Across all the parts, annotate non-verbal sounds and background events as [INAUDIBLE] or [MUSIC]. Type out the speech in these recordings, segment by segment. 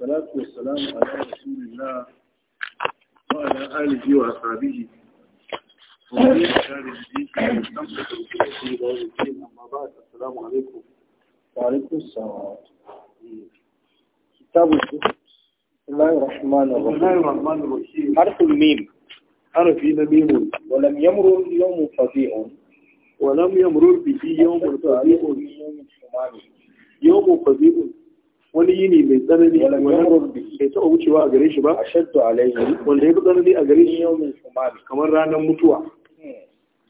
والصلاة والسلام على رسول الله وعلى آله وأصحابه ومن يشارك الدين ويستمسك بسنته إلى يوم الدين أما بعد السلام عليكم وعليكم السلام كتاب بسم الله الرحمن الرحيم بسم الله الرحمن الرحيم حرف الميم حرف ميم ولم يمر يوم فظيع ولم يمر به يوم فظيع يوم فظيع wani yini mai tsanani bai taɓa wucewa a gare shi ba ashaddu alaihi wanda ya fi tsanani a gare shi kamar ranar mutuwa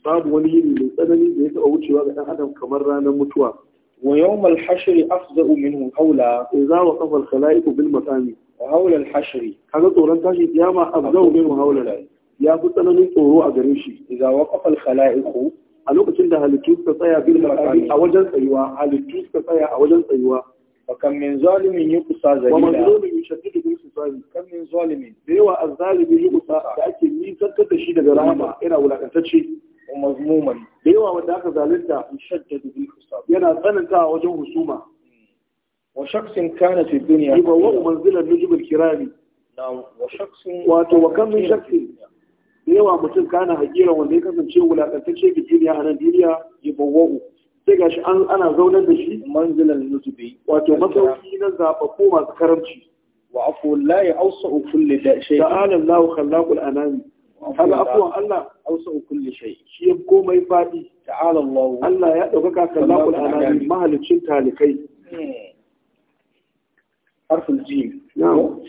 babu wani yini mai tsanani da ya taɓa wucewa ga ɗan adam kamar ranar mutuwa wa yawmal hashri afza'u minhu hawla idza waqafa al-khala'iqu bil matami wa hawla al-hashri kaga tsoron tashi kiyama afza'u minhu hawla ya fi tsananin tsoro a gare shi idza waqafa al-khala'iqu a lokacin da halittu suka tsaya bil matami a wajen tsayuwa halittu suka tsaya a wajen tsayuwa وكم من ظالم يقصى ذليلا ومظلوم يشدد بالخصال كم a ظالم ديوا الظالم يقصى لكن مين كنت شي daga rahama ina wulakantacce mazmuman dewa wanda aka zalunta yashaddad bil khusab yana tsanantawa wajen husuma wa shakhsin kana fi dunya yuba wa manzila nujub al kirami wato wa kam min shakhsin dewa mutum kana hakira wanda ya kasance wulakantacce ga a Najeriya? duniya yuba sai gashi an ana zaunar da shi manzilan nuzubi wato masauki na zababbu masu karamci wa afu wallahi awsa'u kulli da shay ta'ala Allahu khallaqul anami haka afuwan Allah awsa'u kulli shay shi ya komai fadi ta'ala Allah Allah ya dauka khallaqul anami mahalicin talikai eh. harfin jim na'am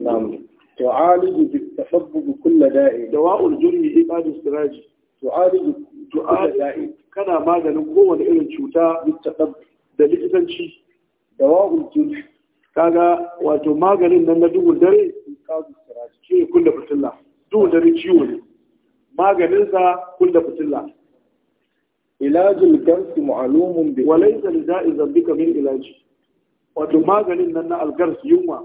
na'am تعالج بالتفبب كل داء دواء الجرم إباد استراجي تعالج كل داء كان بعد نقوة إلى الشوتاء بالتفبب دليل تنشي دواء الجرم kaga wato maganin nan na duhun dare shi ne kulle fitilla duhun dare ciwo ne maganinsa kulle fitilla ilajin gamsi ma'alumun bi walai da za'i zambika min ilaji wato maganin nan na algars yunwa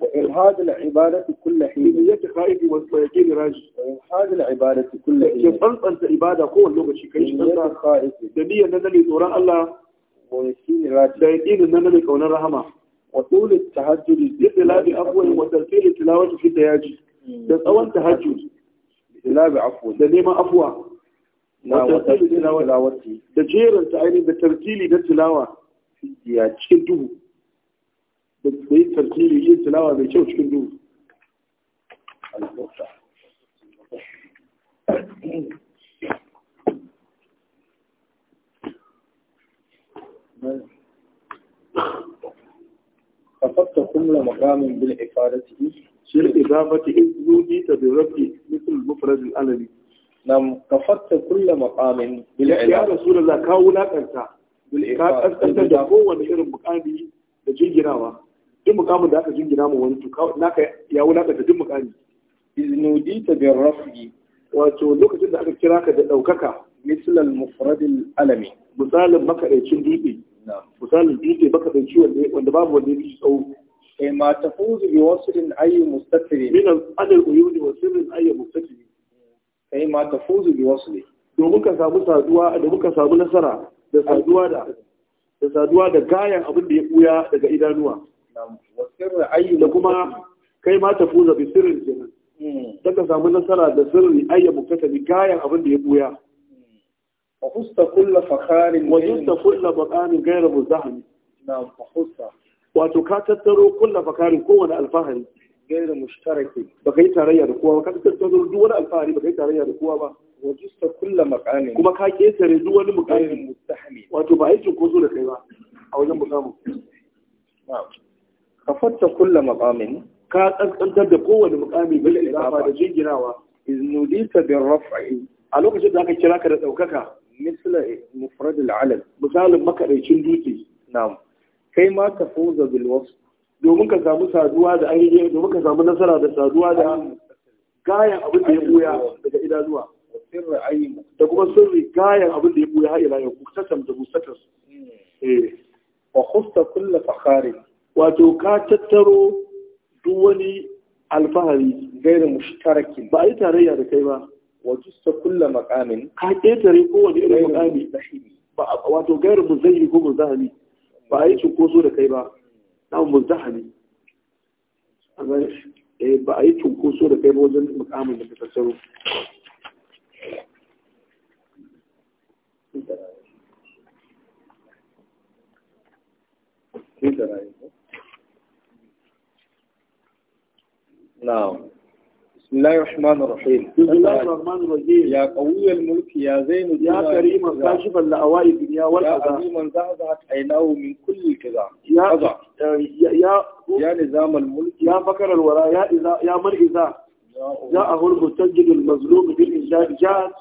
وإرهاد العبادة كل حين بنية خائف ويقين راجي وإرهاد العبادة كل حين كيف أنت عبادة قوة لغة شكاية بنية خائف دنيا ننلي دوران الله ويقين راجي ويقين ننلي كون الرحمة وطول التهجد لا بأفوة وترتيل التلاوة في الدياجي بس أول تهجد لا بأفوة ده أفوة ما التلاوة ده تعيني بترتيلي ده تلاوة في الدياجي da ku yi tarkiri yin tilawa mai كل مقام بالإفادته شير إضافة إذنودي تدربي مثل المفرد الألمي نعم كفت كل مقام بالعلاج يا رسول الله كاولا كنت بالإفادة أنت تدقوا ونحر مقامي da duk mukamin da aka jingina mu wani tuka naka ya wulakanta duk mukami iznudi ta bin rafi wato lokacin da aka kira ka da ɗaukaka misalal mufradil alami misalin makaɗaicin dutse misalin dutse makaɗaici wanda babu wanda ya tsawo kai e, ma ta fuzu bi wasirin ayyu mustatiri min al-adal uyuni wa sirrin ayyu mustatiri kai e, ma ta fuzu bi wasiri domin ka samu saduwa da muka samu nasara da saduwa da da saduwa da gayan abin da ya buya daga idanuwa da kuma kai ma ta fuza bi sirrin kenan hmm. dan ka samu nasara da sirri ayya muktasabi gayan abin da ya buya hmm. wa husta kullu fakharin wa husta kullu wato ka tattaro kulla fakarin kowane alfahari ghayra mushtaraki baka yi tarayya da kowa ba ka tattaro duk wani alfahari baka yi tarayya da kowa ba wa husta kullu maqamin kuma ka ketare duk wani mukami wato ba aikin ko da kai ba a wajen mukamin na'am kafatta kulla maqamin ka kaskantar da kowane mukami bil idafa da jinginawa iznudita bin raf'i a lokacin da aka kira ka da daukaka misla mufrad al-alam misalin makarancin dutse na'am kai ma tafuza bil wasf domin ka samu saduwa da ainihin domin ka samu nasara da saduwa da gayan abin da ya buya daga idanuwa da kuma sirri gayan abin da ya buya har ila yau kusatam da kusatas hmm. eh wa khusta kulla fakharin wato ka tattaro duk wani alfahari gaira mushtarakin ba a yi tarayya da kai ba wato ta kulla makamin ka ketare wani irin makami wato gairu muzayyi ko muzahali ba a yi cunkoso da kai ba na muzahali eh, ba a yi cunkoso da kai ba wajen makamin da ka tattaro الرحمن الرحيم بسم الله الرحمن الرحيم يا قوي الملك يا زين يا كريم كاشف الأواء الدنيا والقضاء يا عظيم زعزعت عيناه من كل كذا يا آه، يا يا نظام الملك يا فكر الوراء يا إذا يا من إذا جاءه المستجد المظلوم بالإنجاز جاءت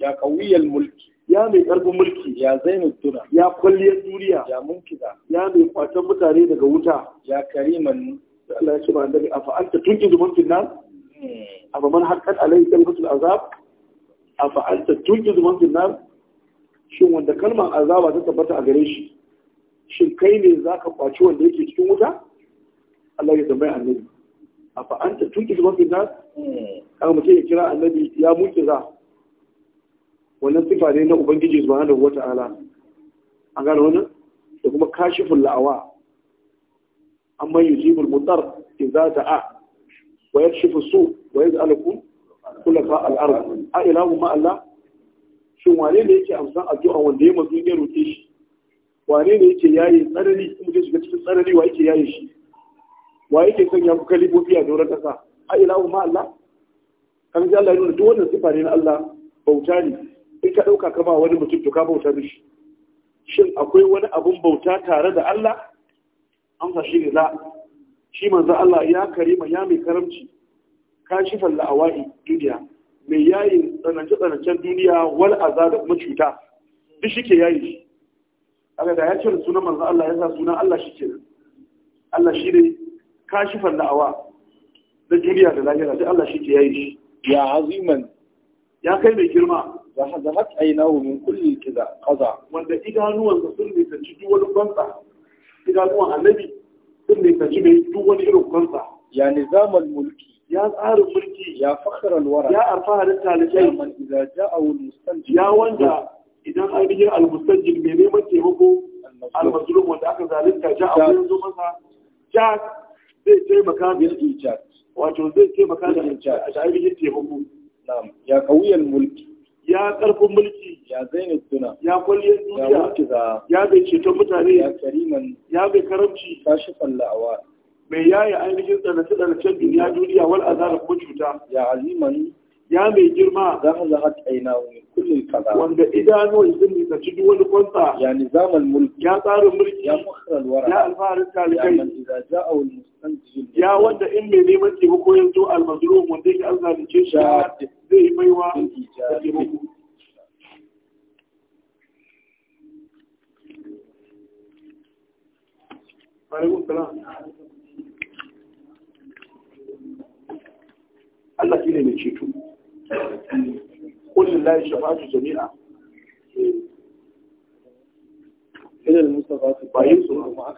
يا قوي الملك يا من قلب mulki يا زين الدنا يا kwalliyar الدنيا يا munkiza ya mai kwacen mutane daga wuta ya kariman Allah ya ce ba من afa'alta tun abu man haƙƙar alayhi kalmatul azab a fa'anta tuki zuman finnar shin wanda kalmar azaba ta tabbata a gare shi shin kai ne za ka kwaci wanda yake cikin wuta Allah ya tambaya annabi a fa'anta tuki zuman finnar kaga mutum ya kira annabi ya muke za wannan sifa ne na ubangiji subhanahu wata'ala an gano wannan da kuma kashiful la'awa amma yujibul mutar ta a. ويكشف السوء ويجعلكم خلفاء الأرض أإله مع الله shin wane ne yake amsan addu'a wanda ya mazu ya roƙe shi wane ne yake yaye tsanani kuma zai shiga cikin tsanani wa yake yaye shi wa yake son ya fi kalibobi a doron ƙasa a ilahu ma Allah kan ji Allah ya nuna duk wannan sifa ne na Allah bauta ne in ka ɗauka kama wani mutum to ka bauta mishi shin akwai wani abun bauta tare da Allah Amsa shi ne la shi manzo Allah ya karima ya mai karamci kashifan la'awa'i duniya mai yayin tsanance-tsanancen duniya wal aza da kuma cuta duk shi ke yayi shi aga da ya ce sunan manzo Allah ya sa sunan Allah shi ke Allah shi ne kashifan la'awa da duniya da lahira duk Allah shi ke yayi shi ya haziman ya kai mai girma da hazahat ainahu min kulli kaza wanda idanuwan sun nisanci duk wani bantsa idanuwan annabi sun ne kaji mai duk wani irin kwansa ya nizamal mulki ya tsarin mulki ya fakhar wara. ya alfaharin talibai man idza ja'a al mustanjid ya wanda idan ainihin al mustanjid mai neman taimako al mazlum wanda aka ja a mun zo masa ja zai taimaka bil ijad wato zai taimaka da ijad a ainihin taimako ya kauyen mulki ya karfin mulki ya zainin suna ya kwalliyar duniya ya bai ceton mutane ya kariman ya bai karamci kashi fallawa mai yaya ainihin tsanace-tsanacen duniya duniya wal azara ko cuta ya aziman ya mai girma za a zaha tsaina kullum kaza wanda idanuwan sun nisanci duk wani kwanta ya nizamal mulki ya tsarin mulki ya mukhral wara ya alfaharin talibai ya man idza ja'a wal mustanjil ya wanda in mai neman taimako yanzu al-mazlum wanda ke an zalunce shi zai baiwa da taimako Allah shi ne mai ceto. Kullum lai shafa'atu jami'a. Ina da Mustapha su bayan su ma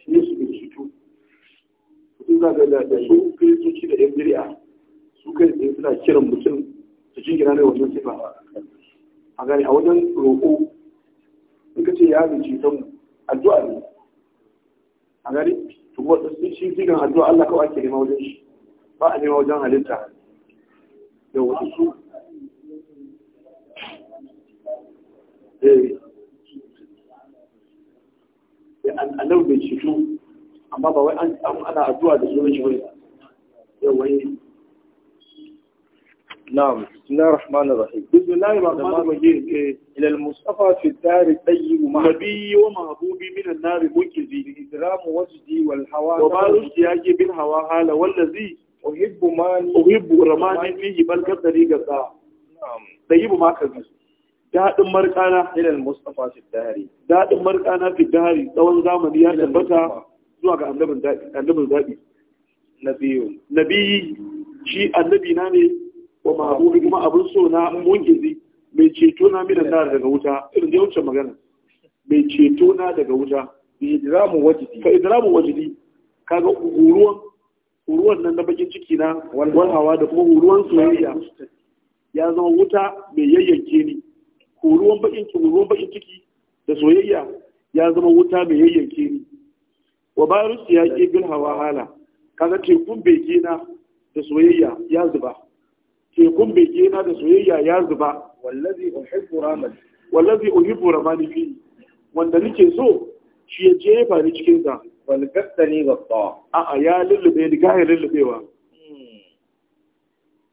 shi ne su mai ceto. Mutum za da su kiristoci da ‘yan biri'a. su kai tsaye suna kiran mutum su gina ne wajen ba a gani a wajen roƙo in ka ce ya rinci don addu'a ne a gani to kuma sun shi zigan addu'a Allah kawai ake nema wajen shi ba a nema wajen halitta da wasu su eh. Eh, annabi bai ceto amma ba wai ana addu'a da sunan shi bane yawai نعم بسم الله الرحمن الرحيم بسم الله الرحمن الرحيم إلى المصطفى في الدار الطيب ومع نبي ومحبوب من النار منكزي لإدرام وجدي والهوى وما اشتياقي بالهواء هذا والذي أحب ماني أحب رماني فيه بل كبدري قطاع نعم طيب ما كذب daɗin markana ilal mustafa fi dahari daɗin markana fi dahari tsawon zamani ya tabbata zuwa ga annabin daɗi annabin daɗi nabiyu nabiyi shi annabi na ne wa kuma abin so na mungizi mai ceto na minan na daga wuta irin da wuce magana mai ceto na daga wuta idramu wajidi fa idramu wajidi kaga huruwan huruwan nan na bakin ciki na wal hawa da kuma huruwan soyayya ya zama wuta mai yayyanke ni huruwan bakin ciki huruwan bakin ciki da soyayya ya zama wuta mai yayyanke ni wa su ya ke bil hawa hala kaga tekun bege na da soyayya ya zuba tekun bege na da soyayya ya zuba wallazi uhibbu ramal wallazi uhibbu ramani fi wanda nake so shi ya jefa ni cikin sa wal gaddani gatta a a ya lullube ni ga ya lullubewa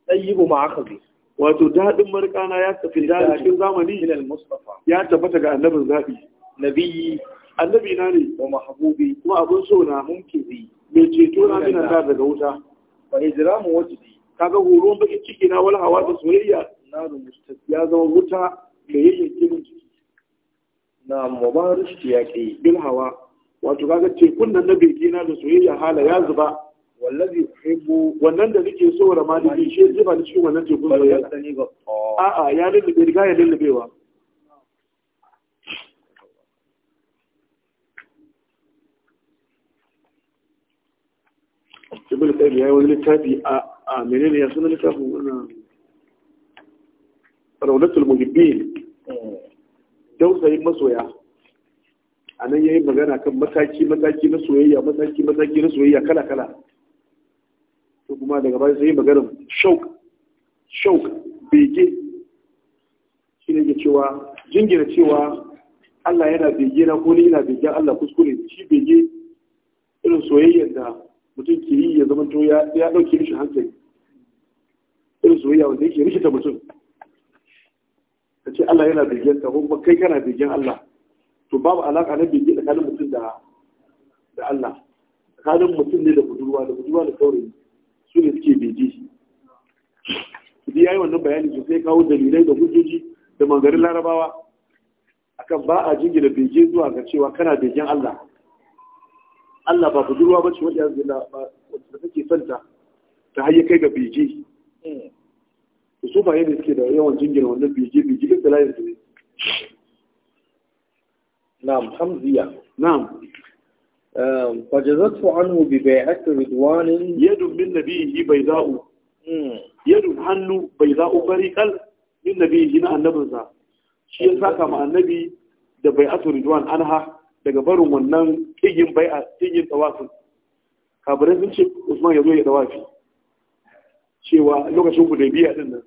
tayyibu ma akhzi wato dadin markana ya tafi da cikin zamani ilal mustafa ya tabbata ga annabin zabi nabiyyi annabi na ne wa mahbubi kuma abun so na mun bi mai ceto na min da daga wuta fa ijramu wajdi kaga horon bakin ciki na wala hawa da soyayya da mustafi ya zama wuta da yayin gidan ciki na shi ya ke bil hawa wato kaga tekun nan na bege na da soyayya hala ya zuba wallazi uhibbu wannan da nake so ramadi bi shi zuba ni cikin wannan tekun ba ah. a a ya da riga ya lullubewa Ibn Taymiyyah ya yi wani littafi a a menene ya suna littafin wannan raunatul muhibbin dausayin masoya a nan yayin magana kan mataki mataki na soyayya mataki mataki na soyayya kala kala to kuma daga baya sai magana shauk shauk bege shi ne ke cewa jingina cewa Allah yana bege na ko ni yana bege Allah kuskure shi bege irin soyayyar da mutum ke yi ya zama to ya ɗauke rishin hankali irin soyayya wanda yake rikita mutum ka ce Allah yana begen ta kuma kai kana begen Allah to babu alaka na bege tsakanin mutum da da Allah tsakanin mutum ne da budurwa da budurwa da kawai su ne suke bege Idi ya yi wannan bayani sosai kawo dalilai da hujjoji da mangarin larabawa akan ba a jingina bege zuwa ga cewa kana begen Allah Allah ba budurwa ba ce wadda da take son ta ta hayya kai ga bege da hmm. su baye ne suke da yawan jingina wannan bege bege ɗin da layar da ne na'am hamziya na'am um, fajazatu anhu bi bai'ati ridwanin yadu min bai bayda'u hmm. yadu hannu bai bayda'u bariqal min nabiyhi na annabinsa shi ya saka ma annabi da bai bai'atu ridwan anha daga barin wannan igin bai'a igin tawafin kabarai sun ce usman ya zo ya tawafi cewa lokacin ku da biya din nan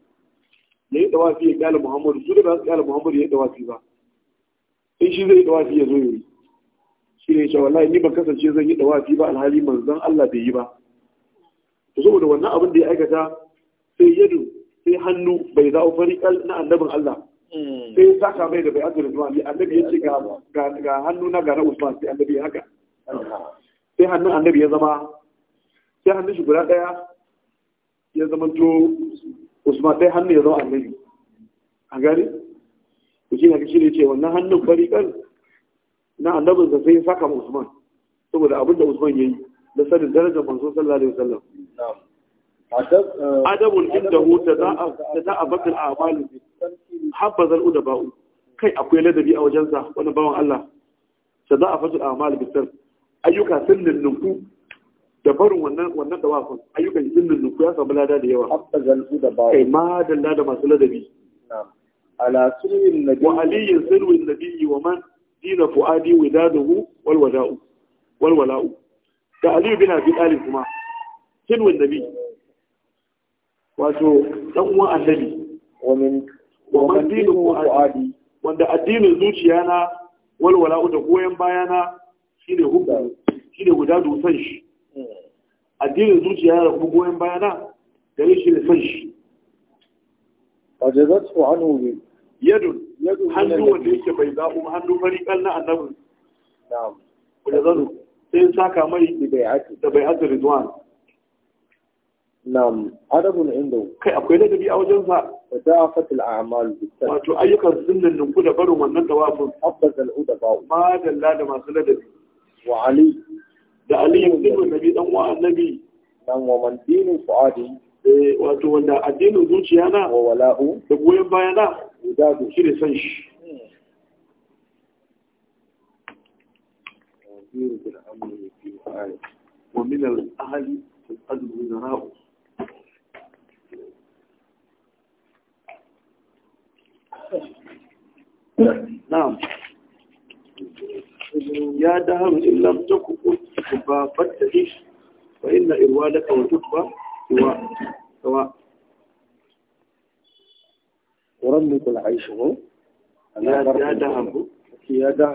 ya yi tawafi ya kyala muhammadu su da ba su kyala muhammadu ya yi tawafi ba in shi zai tawafi ya zo ya yi shi ne cewa wallahi ni ban kasance zan yi tawafi ba alhali manzon Allah bai yi ba to saboda wannan abin da ya aikata sai yadu sai hannu bai zawo fariƙal na annabin Allah sai eh, hmm. saka mai da bai azur Usman sai annabi ya ce ga hannu na gara Usman sai annabi ya haka sai hannun annabi ya zama sai hannun shi guda daya ya zama to Usman sai hannun ya zama annabi a gari ku ce haka shi ne ce wannan hannun bari kan na annabin sa sai ya saka Usman saboda abin da Usman ya yi da sanin darajar manzon sallallahu alaihi wasallam Eh, adabun inda hu ta za a bakin a amalin habbazar da ba'u kai akwai ladabi a wajensa wani bawan Allah ta za a fasu a amalin bisan ayyuka sun nunnuku da barin wannan da dawafin ayyukan sun nunnuku ya samu lada da yawa habbazar da ba'u kai ma dalla da masu ladabi ala sirrin nabi wa aliyin sirrin nabi wa man dina fuadi widaduhu wal wada'u wal wala'u da aliyu bin abi talib kuma sirrin nabi wato dan uwan annabi wa min wa man dinu wanda addinin zuciya na walwala da goyen baya na shine hubba shine guda dusan shi hmm. addinin zuciya na rabu goyen baya na gare shi da san shi wajazatu anhu yadun hannu wanda yake bai za'u hannu fari na annabi na'am wajazatu sai saka mai da bai'atu da bai bai'atu ridwan Na'am, adabun inda kai akwai ladabi a wajen sa. Da dafatul a'mal bisan. Wato ayyukan sunnan nan ku da barin wannan tawafin. Abbasal udaba. Ma dalla da masu ladabi. Wa Ali. Da Ali ibn Nabi dan wa Annabi. Nan wa man dinu fuadi. Eh, wato wanda addinin zuciya na. Wa wala'u. Da goyen baya na. Da da shi da san shi. ومن الأهل تسأله ذراؤه na'am ya daharu in lam taku kutuba fattahi fa inna irwadaka wa tutba wa sawa ورمك العيش هو يا دهب يا دهب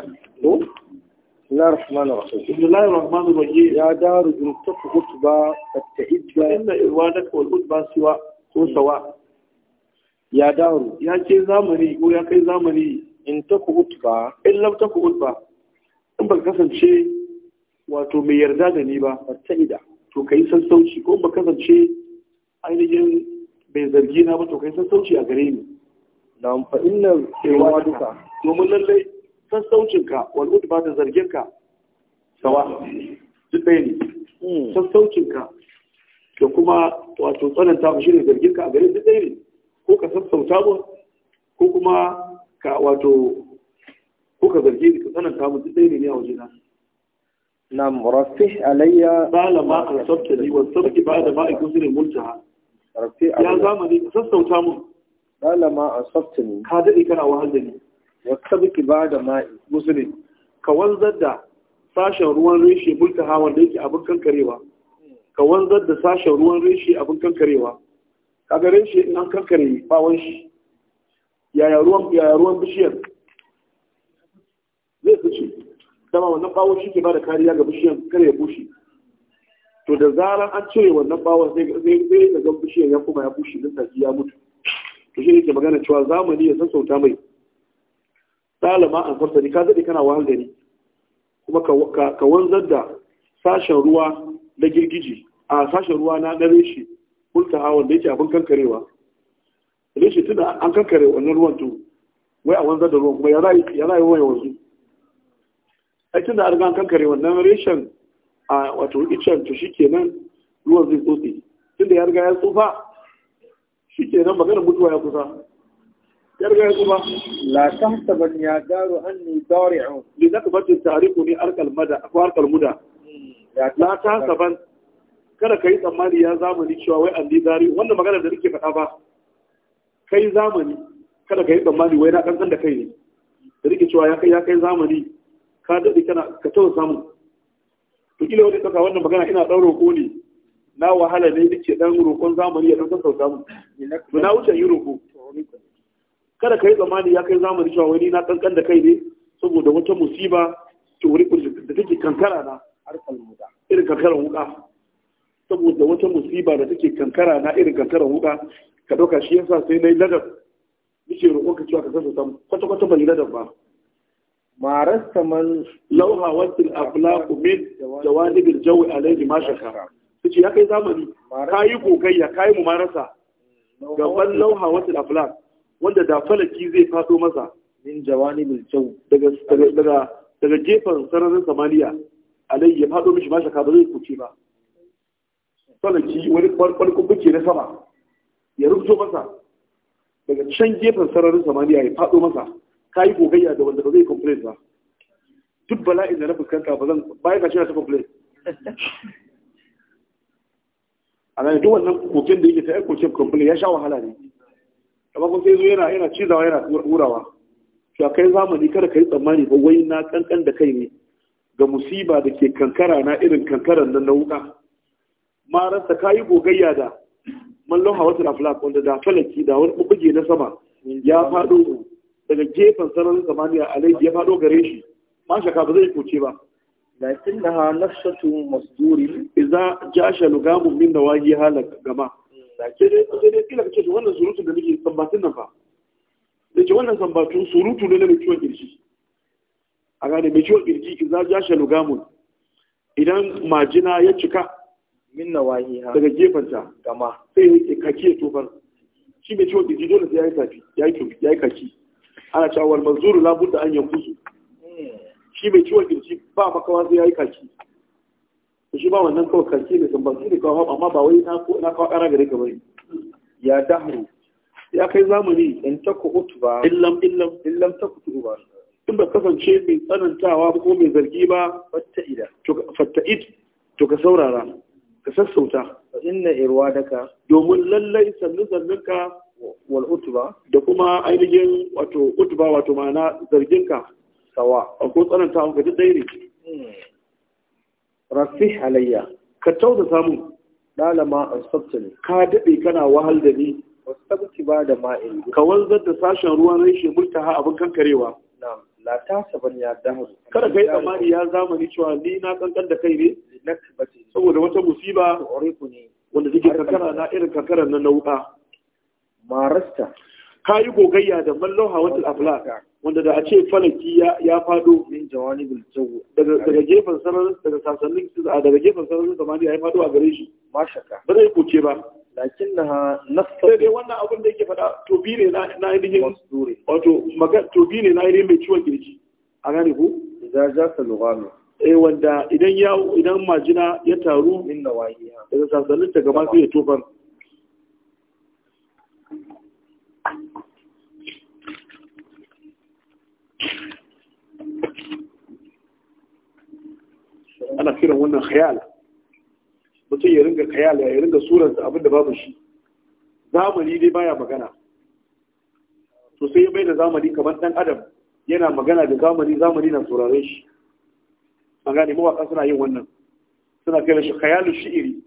بسم الله الرحمن الرحيم بسم الله الرحمن الرحيم يا دار جنوبتك خطبة التعيد فإن إروانك والخطبة سواء سواء ya daru ya ce zamani ko ya kai zamani in ta ku utba in lam ta ku utba in ba kasance wato mai yarda da ni ba ta ida to ka yi sassauci ko ba kasance ainihin bai zargi na ba to ka yi sassauci a gare ni na amfani na kewa duka domin lallai sassaucinka wal utba da ka. sawa duk ɗaya ne hmm. sassaucinka da kuma wato tsananta shi ne ka a gare duk ɗaya ne ko ka sassauta mun ko kuma ka wato ko ka zarge ni ka tsananta mun duk ne ne a wajena na? rafi alayya bala ma asabta li wa sabki bada ma ikun sirin multaha rafi ya zamani ka sassauta mun bala ma asabta ni ka dade kana wahal ne wa sabki bada ma ikun sirin ka wanzar da sashen ruwan reshe multaha wanda yake abin kankarewa ka wanzar da sashen ruwan reshe abin kankarewa kaga reshe in an kankare bawon shi yaya ruwan bishiyar zai ce dama wannan bawon shi ke ba da kariya ga bishiyar kare ya bushe to da zarar an cire wannan bawon zai zai ga bishiyar ya kuma ya bushe din tafi ya mutu to shi yake magana cewa zamani ya sassauta mai talama an farsa ka zade kana wahal da ni kuma ka wanzar da sashen ruwa na girgiji a sashen ruwa na na shi kulta wanda yake abin kankarewa da shi tuna an kankare wannan ruwan to wai a wanzar da ruwan kuma ya za yi waya wasu aikin da an riga kankare wannan reshen a wato icen to shi kenan ruwan zai tsotse tunda ya riga ya tsufa shi kenan magana mutuwa ya kusa ya riga ya tsufa la tamsa ban ya daru anni dari'u li nakbatin ta'rifu arkal mada ko arkal muda hmm, la ta kada ka yi tsammani ya zamani cewa wai an dari wannan magana da nake faɗa ba kai zamani kada ka yi tsammani wai na ɗan da kai ne da nake cewa ya kai ya kai zamani ka daɗe kana ka taɓa samu to kila wani ɗauka wannan magana ina ɗan roƙo ne na wahala ne nake ɗan roƙon zamani ya ɗan sassauta mu to na wuce yi roƙo kada ka yi tsammani ya kai zamani cewa wai ni na ɗan da kai ne saboda wata musiba teori da take kankara na harkar muda irin kankaran wuƙa. saboda wata musiba da take kankara na irin kankara huka ka ɗauka shi yasa sai na yi ladar nake roƙon ka cewa ka kasa sam kwata kwata ban yi ladar ba marasta man lauha wasil aflaqu min jawanibil jawi alayhi ma shaka suce ya kai zamani kayi gogayya kayi mu marasa gaban lauha wasil aflaq wanda da falaki zai fado masa min jawanibil jawi daga daga daga gefen sararin samaniya alayhi ya fado mishi ma shaka ba zai kuce ba falaki wani farkon buke na sama ya rubuto masa daga can gefen sararin samaniya ya faɗo masa ka yi gogayya da wanda ba zai complain ba duk bala'in da na fuskanta ba zan bayan ka shirya ta complain a nan duk wannan kokin da yake ta yan kokin complain ya sha wahala ne amma kun sai zo yana yana cizawa yana wurawa to kai zamani kada ka yi tsammani ba wai na kankan da kai ne ga musiba da ke kankara na irin kankaran nan na wuka mararsa ka yi gogayya da mallon hawatul aflaq wanda da falaki da wani bubuge na sama ya faɗo daga gefen sararin samaniya alaihi ya faɗo gare shi ma shaka ba zai koce ba lakinnaha nafsatu masduri idza jasha lugamun min dawahi halak gama sai dai sai dai kila kace wannan surutu da nake sambatun nan fa dace wannan sambatu surutu ne na mai ciwon kirji a gane mai ciwon kirji idza jasha lugamun idan majina ya cika min ha daga ta kama sai yake kake tofar shi mai ciwon kirji dole sai ya yi tafi ya yi tofi ya yi kaki ana cewa wal manzuru la budda an yankuzu hmm. shi mai ciwon kirji ba makawa sai ya yi kaki shi ba wannan kawai kaki ne kan basi ne kawai amma ba wai na na kawai kara gare ka bane ya dahru ya kai zamani in hutu ba illam illam illam taku ba, in ba kasance mai tsanantawa ko mai zargi ba fatta'ida to fatta'id to ka saurara ka sassauta inna irwa daka domin lallai sannu zannunka wal 'utuba. da kuma ainihin wato utuba wato ma'ana zarginka sawa a ko tsananta maka duk dai ne hmm. rafi halayya ka tausa samu dalama asabtani ka daɗe kana wahal da ni wasabti ba da ma'in ka wanzar da sashen ruwan rashe multaha abin kankarewa Na la ta saban ya dahu kada kai tsammani ya zamani cewa ni na kankan da kai ne na tabbati saboda wata musiba wanda suke karkara na irin karkarar na nauka marasta ka yi gogayya da mallon hawatul afla wanda da a ce falaki ya fado min jawani bil jawu daga gefen sararin daga sasannin daga gefen sararin samaniya ya fado a gare shi ma shaka ba zai kuce ba lakin na nafsa sai dai wannan abin da yake fada tobi ne na na ainihin wato maga tobi ne na ainihin mai ciwon kirji a gane ko idan ja sa lugano eh wanda idan ya idan majina ya taru inna wahiya daga sasalin ta gaba sai ya tofar ana kiran wannan khayal mutum ya ringa khayal ya ringa da abinda babu shi zamani dai baya magana to sai ya bai da zamani kamar dan adam yana magana da zamani zamani na saurare shi an gane mawaƙa suna yin wannan suna kai da shi khayalu shi'iri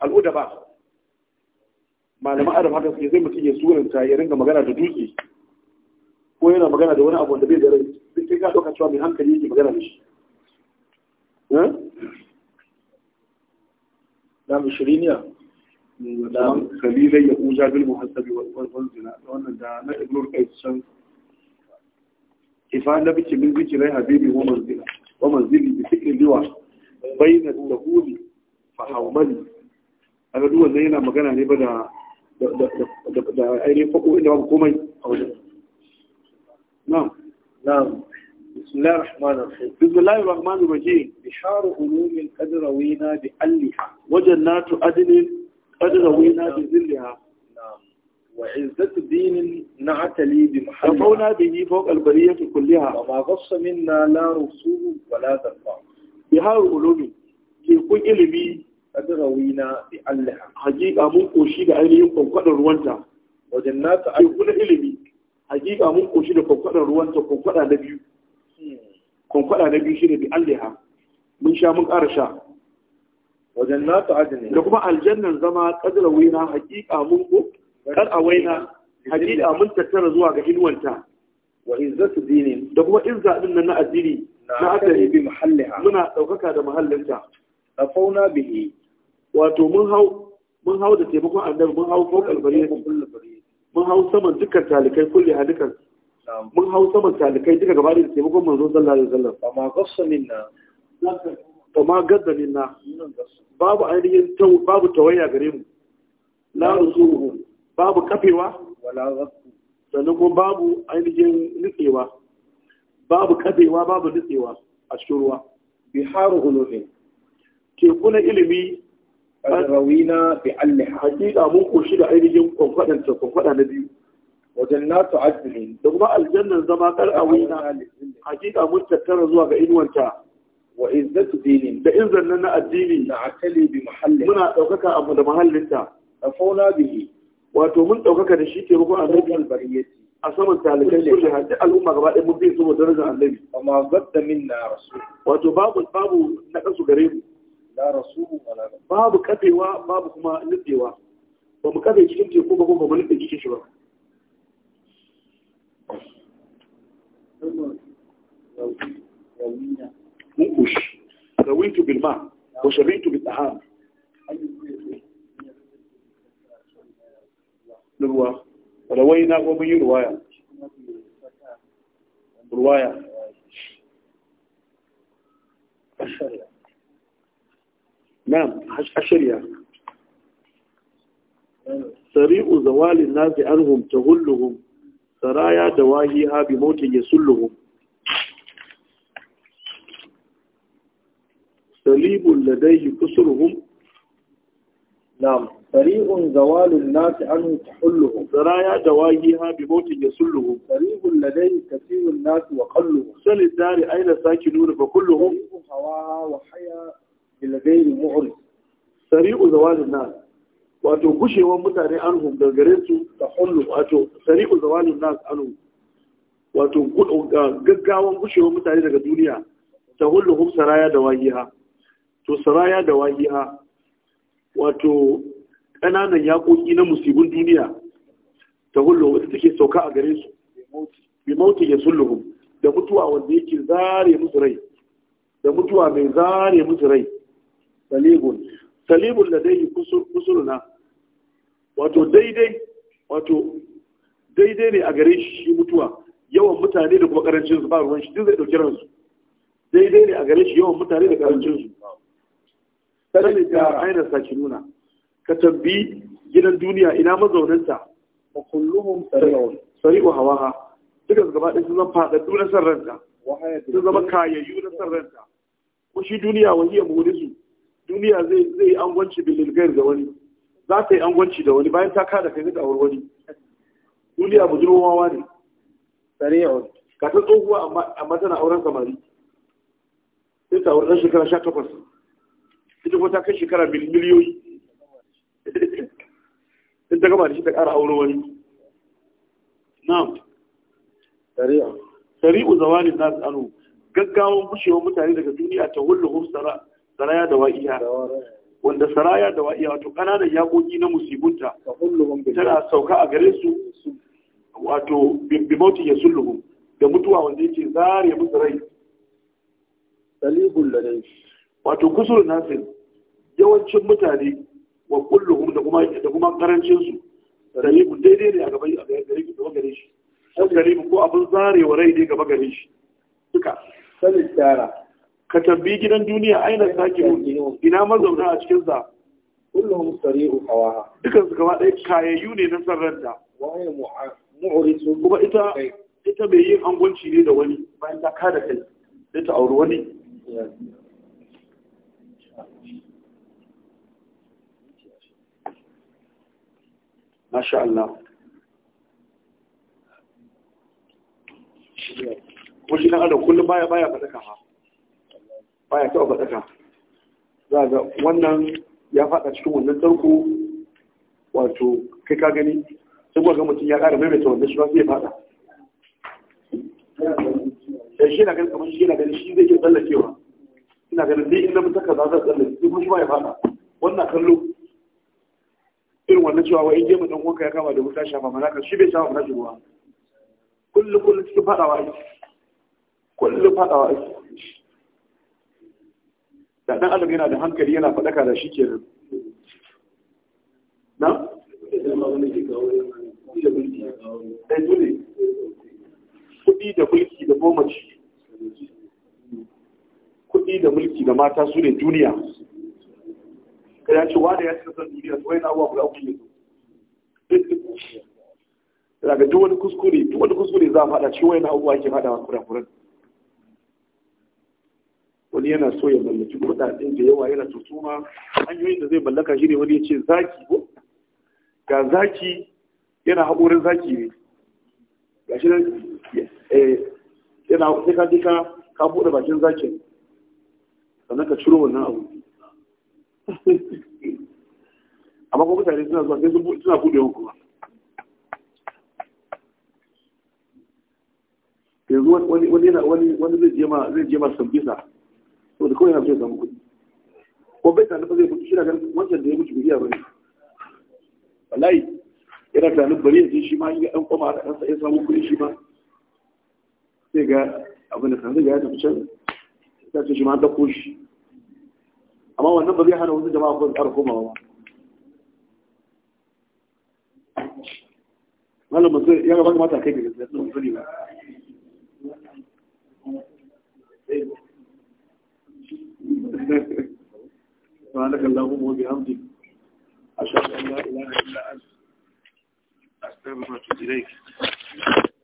al'uda ba malaman adam haka suke zai mutum ya suranta ya ringa magana da dutse ko yana magana da wani abu da bai da rai duk kai ka ɗauka cewa mai hankali yake magana da shi eh? Da mu na mishiriniya da kalilai ya huja bil muhassabi wal zina wannan da na ibnul qais san ifa na biki min biki lai habibi wa manzila ومنزلي بفكر اللواء بين الدهول فحومني أنا دول زينا مجانا هني بدا دا ainihin faƙo inda babu komai a wajen نعم نعم بسم الله الرحمن الرحيم بسم الله الرحمن الرحيم بشار علوم القدروينا بألها وجنات أدن قدروينا بذلها وعزة دين نعتلي بمحمد رفعنا به فوق البرية كلها وما غص منا لا رسول ولا ذنبا بهار علوم تكون إلمي قد روينا بألها حقيقة من قوشي عليهم قوقنا روانتا وجنات تكون إلمي حقيقة من قوشي قوقنا روانتا قوقنا نبيو قوقنا نبيو شيء بألها من شاء من أرشا وجنات عدن لكما الجنة زما قد روينا حقيقة من قوشي kar a waina hadida mun tattara zuwa ga inuwanta wa izzatu dini da kuma izza din nan na addini na yi bi mahalliha muna daukaka da mahallinta fauna bihi wato mun hau mun hau da taimakon annabi mun hau fawqa al mun hau saman dukkan talikai kulli a dukkan mun hau saman talikai duka gaba da taimakon manzo sallallahu alaihi wasallam amma gassa minna ma gadda minna babu ainihin babu tawayya gare mu la rusuhu babu kafewa sannan kuma babu ainihin nutsewa babu kafewa babu nutsewa a cikin ruwa biharu ulufin teku na ilimi rawina bi allaha hakika mun koshi da ainihin kwankwadanta kwankwada na biyu wajen natu adilin da kuma aljannan zama kar a kar'awina hakika mun tattara zuwa ga inuwanta wa izzatu dinin da in zannan na addini na atali bi muhallin. muna daukaka abu da muhallinta da fauna bihi wato mun ɗaukaka da shi a annabi albariyyati a saman talibai ne da haddi al'umma gaba ɗaya mun bi su darajar annabi amma min na wato babu babu na kasu gare mu babu kafewa babu kuma nufewa ba mu kafe cikin teku ba kuma ba mu nufe cikin shi ba mun kushi bil na ruwa rawai رواية kuma نعم أشريا سريع زوال الناس عنهم تغلهم سرايا دواهيها بموت يسلهم سليب لديه كسرهم نعم فريق زوال الناس عنه تحله سرايا دواهيها بموت يسله فريق لدي كثير الناس وقله سل الدار أين ساكنون فكلهم فريق هواها وحيا بالغير معرض فريق زوال الناس wato gushewar mutane anhum daga gare su ta hullu wato sari'u zawalin nas anhum wato gaggawan gushewar mutane daga duniya ta hullu hum saraya da wahiha to wato ƙananan yaƙoƙi na musibin duniya ta hullu wata take sauka a gare su bi mauti ya sulluhu da mutuwa wanda yake zare musu rai da mutuwa mai zare musu rai salibun salibun da dai kusuruna wato daidai wato daidai ne a gare shi mutuwa yawan mutane da kuma karancin su ba ruwan shi duk zai dauki ransu daidai ne a gare shi yawan mutane da karancin su sani da aina sakinuna ka tambi gidan duniya ina mazaunanta wa kulluhum sari'un sari'u hawaha duka gaba ɗaya sun zama faɗaɗɗu na san sun zama kayayyu na san ko shi duniya wani wahiyar su? duniya zai zai yi angwanci bilil gair da wani za ta yi angwanci da wani bayan ta kada kai da aure wani duniya budurwawa ne sari'un ka ta tsohuwa amma tana auren samari sai ta aure shekara sha takwas ita kuma ta kai shekara miliyoyi in ta gama da shi ta ƙara aure wani na'am sari'a sari'u zawani na anu gaggawan bushewar mutane daga duniya ta hulluhum saraya da wa'iya wanda saraya da wa'iya wato ƙananan yaƙoƙi na musibunta tana sauka a gare su wato bimauti ya sulluhum da mutuwa wanda yake zare musu rai salibul ladai wato kusur nasir yawancin mutane wa kulluhum da kuma da kuma karancin su rayibun daidai ne a gaban gaba gare shi dan garibu ko abin zarewa rai ne gaban gare shi duka sai tsara ka tambi gidan duniya aina sake ina mazauna a cikin sa kullum sari'u hawaha dukan su gaba ɗaya kayayyu ne na sarranta waye mu'risu kuma ita ita mai yin angunci ne da wani bayan ta kada kai sai ta auri wani masha Allah kullum na ado kullum baya baya faɗaka ha baya taɓa faɗaka za ga wannan ya faɗa cikin wannan tarko wato kai ka gani sai kuwa ga mutum ya ƙara maimaita wannan shi ba sai ya faɗa sai shi na ganin kamar shi na ganin shi zai ke tsallakewa ina ganin dai inda mutaka za ta tsallake sai kuma shi ba ya faɗa wannan kallo irin wannan cewa wa inje mu dan wanka ya kama da wuta shafa malaka shi bai shafa malaka ruwa kullum kullum cikin fadawa ake kullum fadawa ake da dan Allah yana da hankali yana fadaka da shi kenan na kudi eh, kuɗi da mulki da bomaci kuɗi da mulki da mata su ne duniya ka ya ce da ya cika son duniya su wani abuwa guda uku ne daga duk wani kuskure duk wani kuskure za a faɗa ci wani abuwa ke faɗa wa kurakuran wani yana so ya mallaki kuɗaɗen da yawa yana suma. hanyoyin da zai mallaka shi ne wani ya ce zaki ko ga zaki yana haƙorin zaki ne ga shi nan eh, yana sai ka ka buɗe bakin zakin sannan ka ciro wannan abu [LAUGHS] amma kuma mutane suna zuwa sai suna buɗe wa kuma yanzu wani wani wani zai jema ma zai je ma sambisa saboda kawai yana so ya samu kuɗi ko bai tana zai mutu shi na ganin wancan da ya mutu bai iya bane wallahi yana tunanin bari ya je shi ma ya ɗan kwama da ɗansa ya samu kuɗi shi ma sai ga abin da kan zai ga ya tafi can ya ce shi ma an ɗauko shi amma wannan ba zai hana wasu jama'a ko tsara komawa ba malam ba ya gaba kamata kai daga zai sun sani ba سبحانك اللهم وبحمدك أشهد أن لا إله إلا أنت أستغفرك إليك